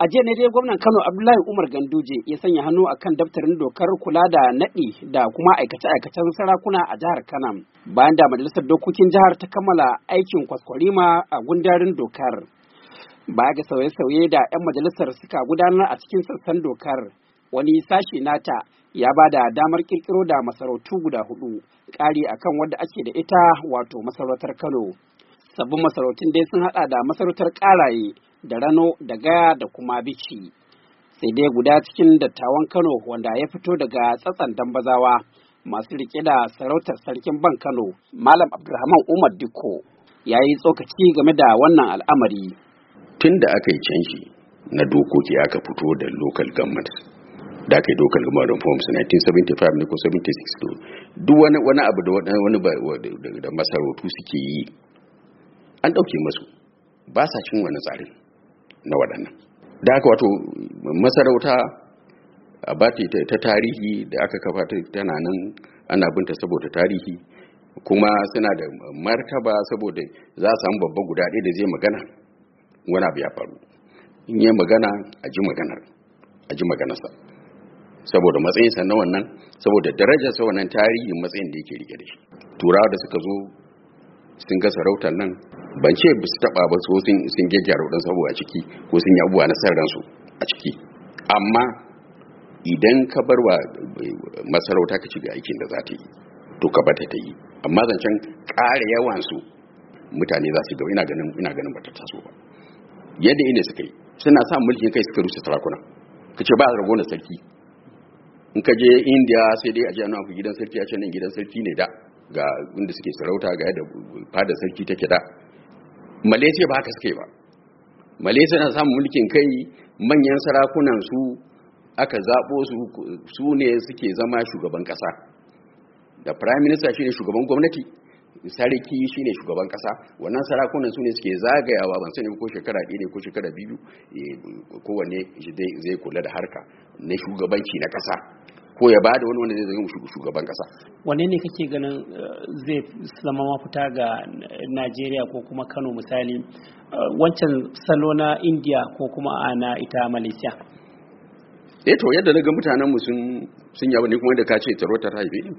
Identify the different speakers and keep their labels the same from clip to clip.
Speaker 1: A jiya ne dai gwamnan Kano Abdullahi Umar Ganduje ya sanya hannu a kan daftarin dokar kula da naɗi da kuma aikace-aikacen sarakuna a jihar Kano. Bayan da majalisar dokokin jihar ta kammala aikin kwaskwarima a gundarin dokar. Ba ga sauye-sauye da 'yan majalisar suka gudanar a cikin sassan dokar, wani sashi nata ya ba da damar kirkiro da masarautu guda hudu, ƙari akan wadda ake da ita wato masarautar Kano. Sabbin masarautun dai sun haɗa da masarautar ƙaraye, da rano da gaya da kuma bici sai dai guda cikin dattawan kano wanda ya fito daga tsatsan dambazawa masu riƙe da sarautar sarkin ban kano malam abdulrahman umar dikko ya yi tsokaci game da wannan al'amari
Speaker 2: tun da aka yi canji na dokoki aka fito da local government da aka yi local government reforms 1975 ne ko 76 duk wani wani abu da wani da masarautu suke yi an dauke masu ba sa cin wani tsarin na waɗannan da aka wato masarauta a bati ta tarihi da aka kafa tana nan ana binta saboda tarihi kuma suna da martaba saboda za su samu babba guda ɗaya da zai magana wani abu ya faru in yi magana a ji maganar a ji maganarsa saboda matsayinsa na wannan saboda darajarsa wannan tarihin matsayin da yake rike da shi turawa da suka zo sun ga sarautar nan ban ce ba su taba ba so sun gyaggyara dan sabu a ciki ko sun yi abubuwa na san ransu a ciki amma idan ka bar wa eh, masarauta ka ci ga aikin da za ta yi to ka bata ta yi amma zancen ƙara yawansu mutane za su gaba ina ganin ina ganin bata taso ba yadda ina suka yi suna sa mulkin kai suka rusa sarakuna ka ce ba a ragonar sarki in ka je indiya sai dai a ji ana ku gidan sarki a ce nan gidan sarki ne da ga inda suke sarauta ga yadda fadar sarki take da malaysia ba haka suke ba malaysia na samun mulkin kai manyan sarakunan su aka zaɓo su ne suke zama shugaban ƙasa da prime minister shine shugaban gwamnati sarki shine shugaban ƙasa wannan sarakunan su ne suke zagayawa ban sani ko shekara ɗaya ne ko shekara biyu eh, kowanne zai kula da harka na shugabanci na ƙasa ko ya bada wani wanda zai zama shugaban kasa
Speaker 1: Wani ne kake ganin eh, zai zama mafuta ga Najeriya ko kuma Kano misali eh, wancan salo na India ko kuma ana
Speaker 2: ita Malaysia eh to yadda na ga mutanen sun sun yaba ne kuma da ka ce tsaro ta haife ni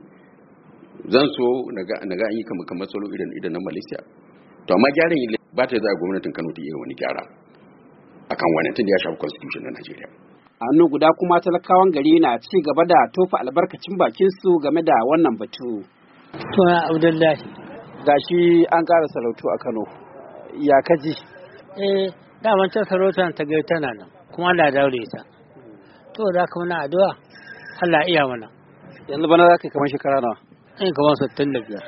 Speaker 2: zan so na ga an yi kamar kamar salo idan idan na Malaysia to amma gyaran ba ta yi za a gwamnatin Kano ta iya wani gyara akan wani tun da ya shafi constitution na Najeriya
Speaker 1: a hannu guda kuma talakawan gari na ci gaba da tofa albarkacin bakin su game da wannan batu tuna abdullahi shi an ƙara sarautu a kano ya kaji eh daman ta sarautar ta gai tana nan kuma da daure ta
Speaker 3: to da ka muna addu'a
Speaker 1: Allah iya mana yanzu
Speaker 3: bana za ka kamar shekara nawa
Speaker 1: in eh, kamar sittin da biyar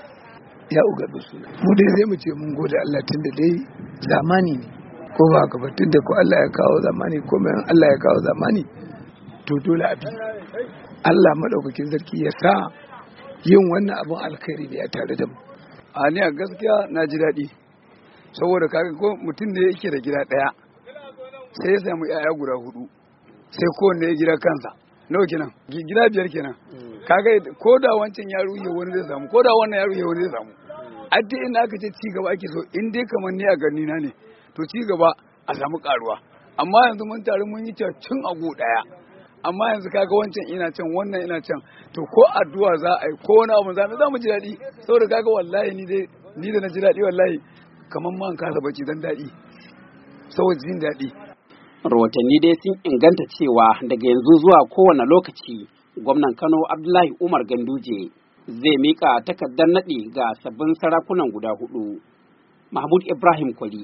Speaker 3: ya uga da su mu dai zai mu ce mun gode Allah tun da dai zamani ne ko ba ka batun da ko Allah ya kawo zamani ko mai Allah ya kawo zamani to dole a bi Allah madaukakin sarki ya sa yin wannan abin alkhairi ne a tare da mu a ni a gaskiya na ji daɗi saboda kaga ko mutum da yake da gida ɗaya sai ya samu 'ya'ya guda hudu sai kowanne ya gida kansa nawa kenan gida biyar kenan kaga ko da wancan ya ruhe wani zai samu ko da wannan ya ruhe wani zai samu adda ina aka ce ci gaba ake so in dai kamar ni a gani na ne to ci gaba a samu karuwa amma yanzu mun taru mun yi cin agu daya amma yanzu kaga wancan ina can wannan ina can to ko addu'a za a yi ko wani abu za mu za mu ji daɗi saboda kaga wallahi ni dai ni da na ji daɗi wallahi kamar man kasa bacci dan daɗi saboda jin daɗi
Speaker 2: rahotanni
Speaker 1: dai sun inganta cewa daga yanzu zuwa kowane lokaci gwamnan kano abdullahi umar ganduje zai mika takardar naɗi ga sabbin sarakunan guda hudu mahmud ibrahim kwali